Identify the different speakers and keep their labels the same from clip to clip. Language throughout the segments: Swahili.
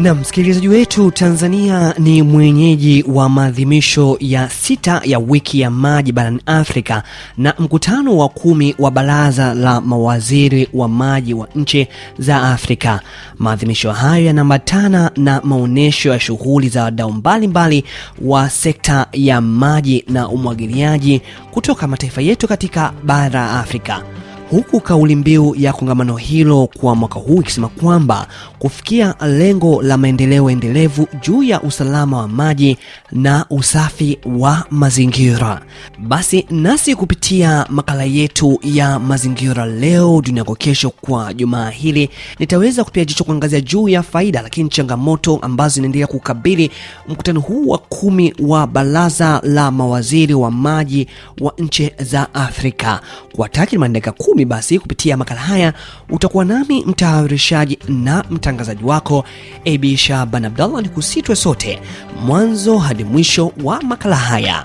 Speaker 1: Na msikilizaji wetu, Tanzania ni mwenyeji wa maadhimisho ya sita ya wiki ya maji barani Afrika na mkutano wa kumi wa baraza la mawaziri wa maji wa nchi za Afrika. Maadhimisho hayo yanaambatana na maonyesho ya shughuli za wadau mbalimbali wa sekta ya maji na umwagiliaji kutoka mataifa yetu katika bara Afrika huku kauli mbiu ya kongamano hilo kwa mwaka huu ikisema kwamba kufikia lengo la maendeleo endelevu juu ya usalama wa maji na usafi wa mazingira. Basi nasi kupitia makala yetu ya mazingira leo dunia kwa kesho, kwa jumaa hili nitaweza kupia jicho kuangazia juu ya faida, lakini changamoto ambazo zinaendelea kukabili mkutano huu wa kumi wa baraza la mawaziri wa maji wa nchi za Afrika kwa takriban dakika kumi mimi basi kupitia makala haya utakuwa nami mtayarishaji na mtangazaji wako Abi Shaban Abdallah, ni kusitwe sote mwanzo hadi mwisho wa makala haya.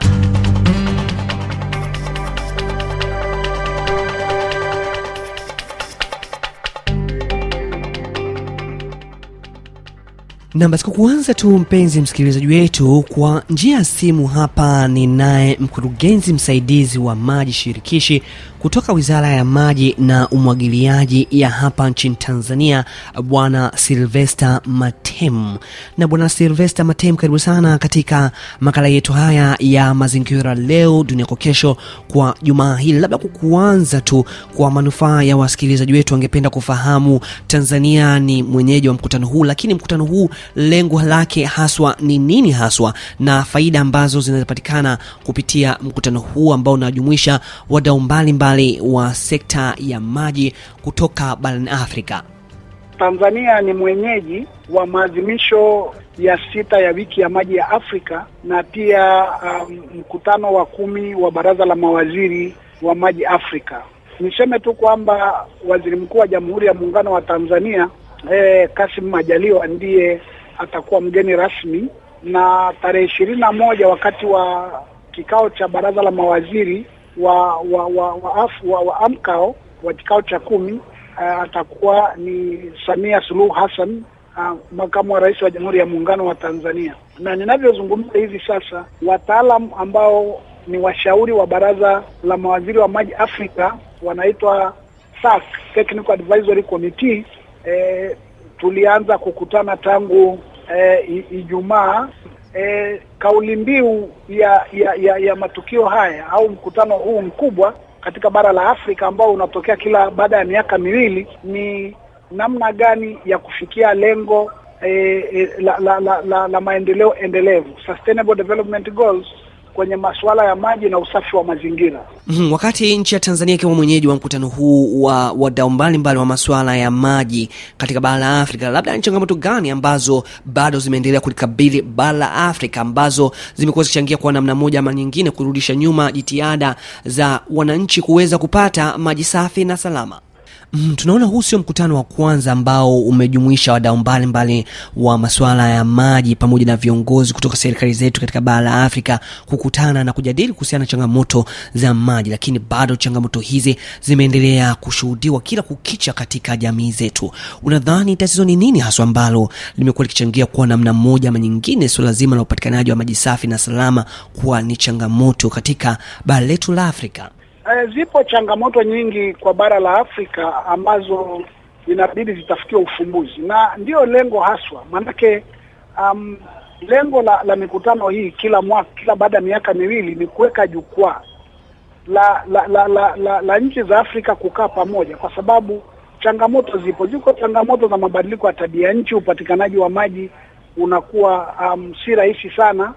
Speaker 1: Nam basi, kwa kuanza tu mpenzi msikilizaji wetu kwa njia ya simu, hapa ninaye mkurugenzi msaidizi wa maji shirikishi kutoka Wizara ya Maji na Umwagiliaji ya hapa nchini Tanzania, Bwana Silvesta matem Na Bwana Silvesta matem karibu sana katika makala yetu haya ya mazingira leo dunia kwa kesho kwa jumaa hili. Labda kwa kuanza tu, kwa manufaa ya wasikilizaji wetu, wangependa kufahamu Tanzania ni mwenyeji wa mkutano huu, lakini mkutano huu lengo lake haswa ni nini haswa na faida ambazo zinazopatikana kupitia mkutano huu ambao unajumuisha wadau mbalimbali wa sekta ya maji kutoka barani Afrika.
Speaker 2: Tanzania ni mwenyeji wa maadhimisho ya sita ya wiki ya maji ya Afrika na pia um, mkutano wa kumi wa baraza la mawaziri wa maji Afrika. Niseme tu kwamba waziri mkuu wa Jamhuri ya Muungano wa Tanzania eh, kasim Majaliwa ndiye atakuwa mgeni rasmi, na tarehe ishirini na moja wakati wa kikao cha baraza la mawaziri wa wa wa, wa, afu, wa, wa AMCAO wa kikao cha kumi uh, atakuwa ni Samia Suluhu Hassan uh, makamu wa rais wa Jamhuri ya Muungano wa Tanzania. Na ninavyozungumza hivi sasa, wataalam ambao ni washauri wa baraza la mawaziri wa maji Afrika wanaitwa SAC, Technical Advisory Committee. eh, tulianza kukutana tangu eh, Ijumaa. Eh, kauli mbiu ya, ya ya ya matukio haya au mkutano huu mkubwa katika bara la Afrika ambao unatokea kila baada ya miaka miwili ni namna gani ya kufikia lengo eh, eh la, la, la, la, la maendeleo endelevu, Sustainable Development Goals kwenye masuala ya maji na usafi wa mazingira.
Speaker 1: Mm, wakati nchi ya Tanzania ikiwa mwenyeji wa mkutano huu wa wadau mbalimbali wa masuala ya maji katika bara la Afrika, labda ni changamoto gani ambazo bado zimeendelea kulikabili bara la Afrika ambazo zimekuwa zikichangia kwa namna moja ama nyingine kurudisha nyuma jitihada za wananchi kuweza kupata maji safi na salama? Mm, tunaona huu sio mkutano wa kwanza ambao umejumuisha wadau mbalimbali wa masuala ya maji pamoja na viongozi kutoka serikali zetu katika bara la Afrika kukutana na kujadili kuhusiana na changamoto za maji, lakini bado changamoto hizi zimeendelea kushuhudiwa kila kukicha katika jamii zetu. Unadhani tatizo ni nini haswa ambalo limekuwa likichangia kwa namna moja ama nyingine suala zima la upatikanaji wa maji safi na salama kuwa ni changamoto katika bara letu la Afrika?
Speaker 2: E, zipo changamoto nyingi kwa bara la Afrika ambazo inabidi zitafutiwe ufumbuzi na ndiyo lengo haswa, maanake um, lengo la, la mikutano hii kila mwaka, kila baada ya miaka miwili ni kuweka jukwaa la la la, la, la, la nchi za Afrika kukaa pamoja, kwa sababu changamoto zipo. Ziko changamoto za mabadiliko ya tabia nchi, upatikanaji wa maji unakuwa um, si rahisi sana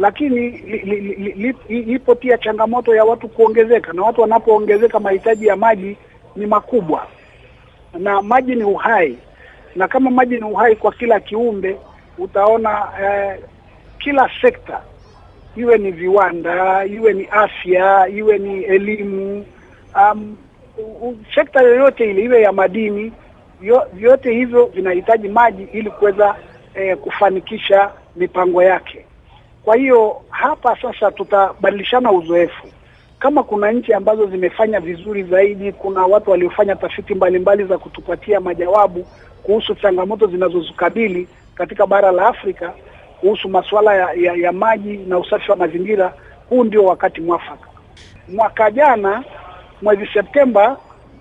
Speaker 2: lakini li, li, li, li, li, ipo pia changamoto ya watu kuongezeka, na watu wanapoongezeka mahitaji ya maji ni makubwa, na maji ni uhai, na kama maji ni uhai kwa kila kiumbe, utaona eh, kila sekta iwe ni viwanda, iwe ni afya, iwe ni elimu, um, sekta yoyote ile, iwe ya madini, vyote hivyo vinahitaji maji ili kuweza eh, kufanikisha mipango yake. Kwa hiyo hapa sasa tutabadilishana uzoefu. Kama kuna nchi ambazo zimefanya vizuri zaidi, kuna watu waliofanya tafiti mbalimbali za kutupatia majawabu kuhusu changamoto zinazozukabili katika bara la Afrika kuhusu masuala ya, ya, ya maji na usafi wa mazingira, huu ndio wakati mwafaka. Mwaka jana mwezi Septemba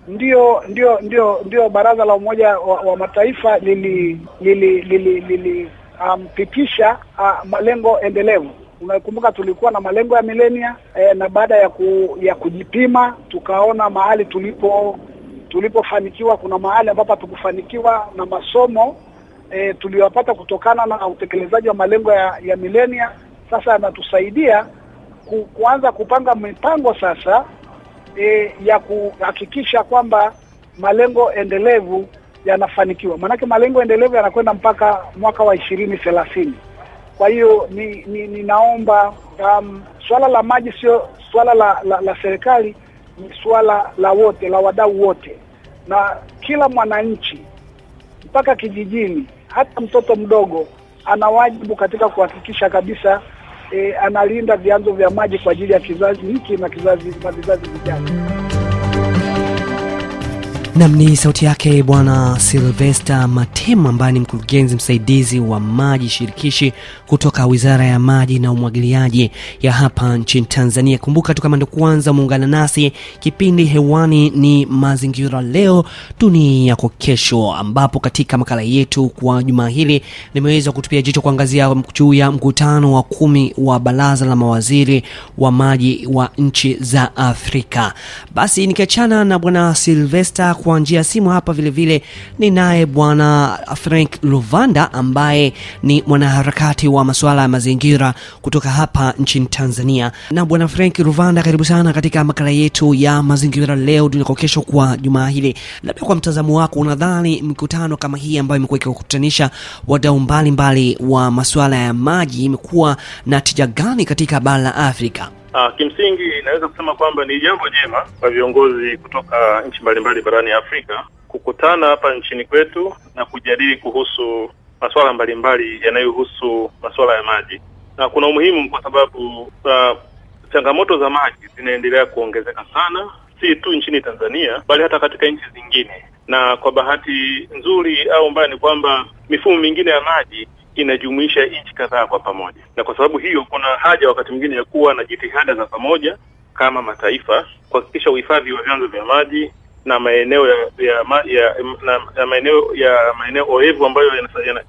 Speaker 2: ndio ndio ndio ndio Baraza la Umoja wa, wa Mataifa lili lili lili, lili kupitisha um, malengo endelevu. Unakumbuka tulikuwa na malengo ya milenia e, na baada ya ku, ya kujipima tukaona mahali tulipo tulipofanikiwa kuna mahali ambapo hatukufanikiwa na masomo e, tuliyopata kutokana na utekelezaji wa malengo ya, ya milenia sasa yanatusaidia ku, kuanza kupanga mipango sasa e, ya kuhakikisha kwamba malengo endelevu yanafanikiwa, maanake malengo endelevu yanakwenda mpaka mwaka wa ishirini thelathini. Kwa hiyo ni, ni, ninaomba um, swala la maji sio swala la, la, la serikali, ni swala la wote la wadau wote na kila mwananchi mpaka kijijini, hata mtoto mdogo ana wajibu katika kuhakikisha kabisa e, analinda vyanzo vya maji kwa ajili ya kizazi hiki na kizazi na vizazi vijavyo.
Speaker 1: Nam ni sauti yake Bwana Silvesta matem ambaye ni mkurugenzi msaidizi wa maji shirikishi kutoka Wizara ya Maji na Umwagiliaji ya hapa nchini Tanzania. Kumbuka tu kama ndo kwanza muungana nasi, kipindi hewani ni Mazingira Leo Dunia Yako Kesho, ambapo katika makala yetu kwa juma hili nimeweza kutupia jicho kuangazia juu ya mkutano wa kumi wa Baraza la Mawaziri wa Maji wa nchi za Afrika. Basi nikiachana na Bwana Silvesta kwa njia ya simu hapa vilevile ni naye bwana Frank Luvanda ambaye ni mwanaharakati wa masuala ya mazingira kutoka hapa nchini Tanzania. Na bwana Frank Luvanda, karibu sana katika makala yetu ya mazingira leo dunia kesho kwa jumaa hili. Labda kwa mtazamo wako, unadhani mkutano kama hii ambayo imekuwa ikikutanisha wadau mbalimbali wa masuala ya maji imekuwa na tija gani katika bara la Afrika?
Speaker 3: Uh, kimsingi inaweza kusema kwamba ni jambo jema kwa viongozi kutoka nchi mbalimbali barani Afrika kukutana hapa nchini kwetu na kujadili kuhusu masuala mbalimbali yanayohusu masuala ya maji, na kuna umuhimu kwa sababu uh, changamoto za maji zinaendelea kuongezeka sana, si tu nchini Tanzania bali hata katika nchi zingine, na kwa bahati nzuri au mbaya ni kwamba mifumo mingine ya maji inajumuisha nchi kadhaa kwa pamoja, na kwa sababu hiyo kuna haja wakati mwingine ya kuwa na jitihada za pamoja kama mataifa kuhakikisha uhifadhi wa vyanzo vya maji na maeneo ya ya, ya, na, ya maeneo ya maeneo oevu ambayo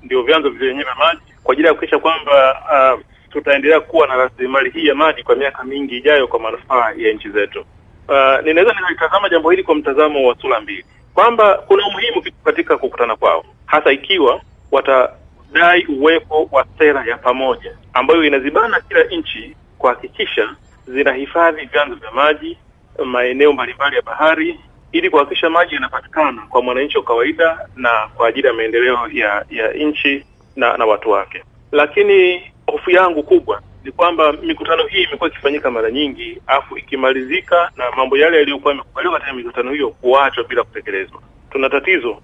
Speaker 3: ndio vyanzo vyenyewe vya maji kwa ajili ya kuhakikisha kwamba uh, tutaendelea kuwa na rasilimali hii ya maji kwa miaka mingi ijayo kwa manufaa ya nchi zetu. Uh, ninaweza ninaitazama jambo hili kwa mtazamo wa sura mbili, kwamba kuna umuhimu katika kukutana kwao, hasa ikiwa wata dai uwepo wa sera ya pamoja ambayo inazibana kila nchi kuhakikisha zinahifadhi vyanzo vya maji maeneo mbalimbali ya bahari ili kuhakikisha maji yanapatikana kwa mwananchi wa kawaida na kwa ajili ya maendeleo ya ya nchi na na watu wake. Lakini hofu yangu kubwa ni kwamba mikutano hii imekuwa ikifanyika mara nyingi, afu ikimalizika na mambo yale yaliyokuwa yamekubaliwa katika mikutano hiyo kuachwa bila kutekelezwa. Tuna tatizo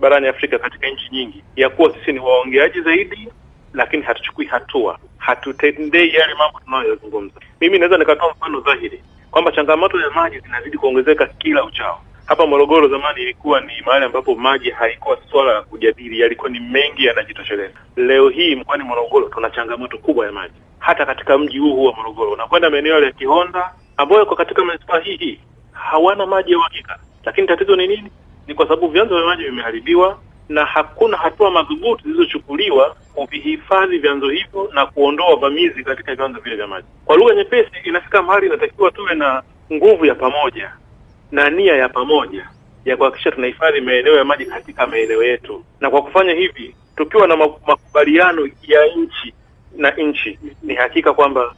Speaker 3: barani Afrika katika nchi nyingi, ya kuwa sisi ni waongeaji zaidi, lakini hatuchukui hatua, hatutendei yale mambo tunayoyazungumza. Mimi naweza nikatoa mfano dhahiri kwamba changamoto ya maji zinazidi kuongezeka kila uchao. Hapa Morogoro zamani ilikuwa ni mahali ambapo maji haikuwa swala la kujadili, yalikuwa ni mengi yanajitosheleza. Leo hii mkoani Morogoro tuna changamoto kubwa ya maji, hata katika mji huu huu wa Morogoro. Unakwenda maeneo ya Kihonda ambayo iko katika manispaa hii hii, hawana maji ya uhakika. Lakini tatizo ni nini? ni kwa sababu vyanzo vya maji vimeharibiwa na hakuna hatua madhubuti zilizochukuliwa kuvihifadhi vyanzo hivyo na kuondoa wavamizi katika vyanzo vile vya maji. Kwa lugha nyepesi, inafika mahali inatakiwa tuwe na nguvu ya pamoja na nia ya pamoja ya kuhakikisha tunahifadhi maeneo ya maji katika maeneo yetu, na kwa kufanya hivi, tukiwa na makubaliano ya nchi na nchi, ni hakika kwamba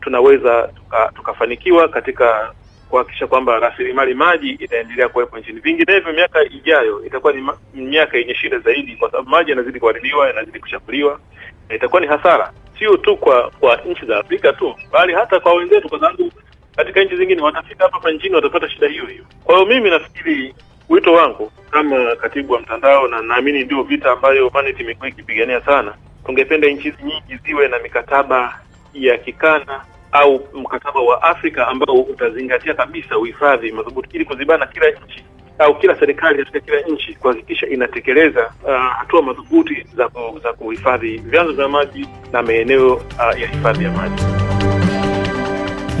Speaker 3: tunaweza tukafanikiwa tuka katika kuhakikisha kwamba rasilimali maji itaendelea kuwepo nchini. Vinginevyo miaka ijayo itakuwa ni miaka yenye shida zaidi, kwa sababu maji yanazidi kuharibiwa, yanazidi kuchafuliwa, na itakuwa ni hasara sio tu kwa kwa nchi za Afrika tu, bali hata kwa wenzetu, kwa sababu katika nchi zingine watafika hapa hapa nchini watapata shida hiyo hiyo. Kwa hiyo mimi nafikiri wito wangu kama katibu wa mtandao, na naamini ndio vita ambayo Humanity imekuwa ikipigania sana, tungependa nchi nyingi ziwe na mikataba ya kikanda au mkataba wa Afrika ambao utazingatia kabisa uhifadhi madhubuti, ili kuzibana kila nchi au kila serikali katika kila nchi kuhakikisha inatekeleza uh, hatua madhubuti za kuhifadhi vyanzo vya maji na maeneo uh, ya hifadhi ya maji.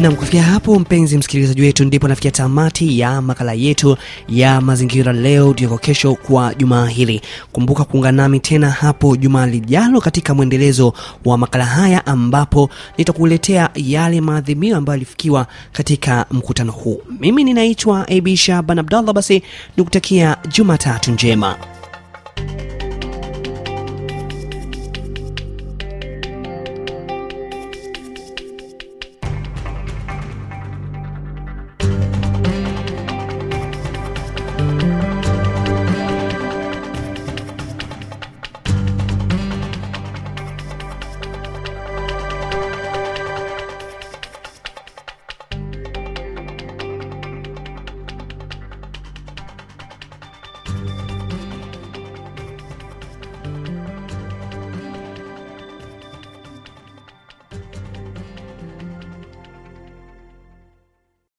Speaker 1: Nam, kufikia hapo mpenzi msikilizaji wetu, ndipo nafikia tamati ya makala yetu ya mazingira leo tuliyoko kesho kwa jumaa hili. Kumbuka kuungana nami tena hapo jumaa lijalo katika mwendelezo wa makala haya, ambapo nitakuletea yale maadhimio ambayo yalifikiwa katika mkutano huu. Mimi ninaitwa abi Shaban Abdallah, basi nikutakia Jumatatu njema.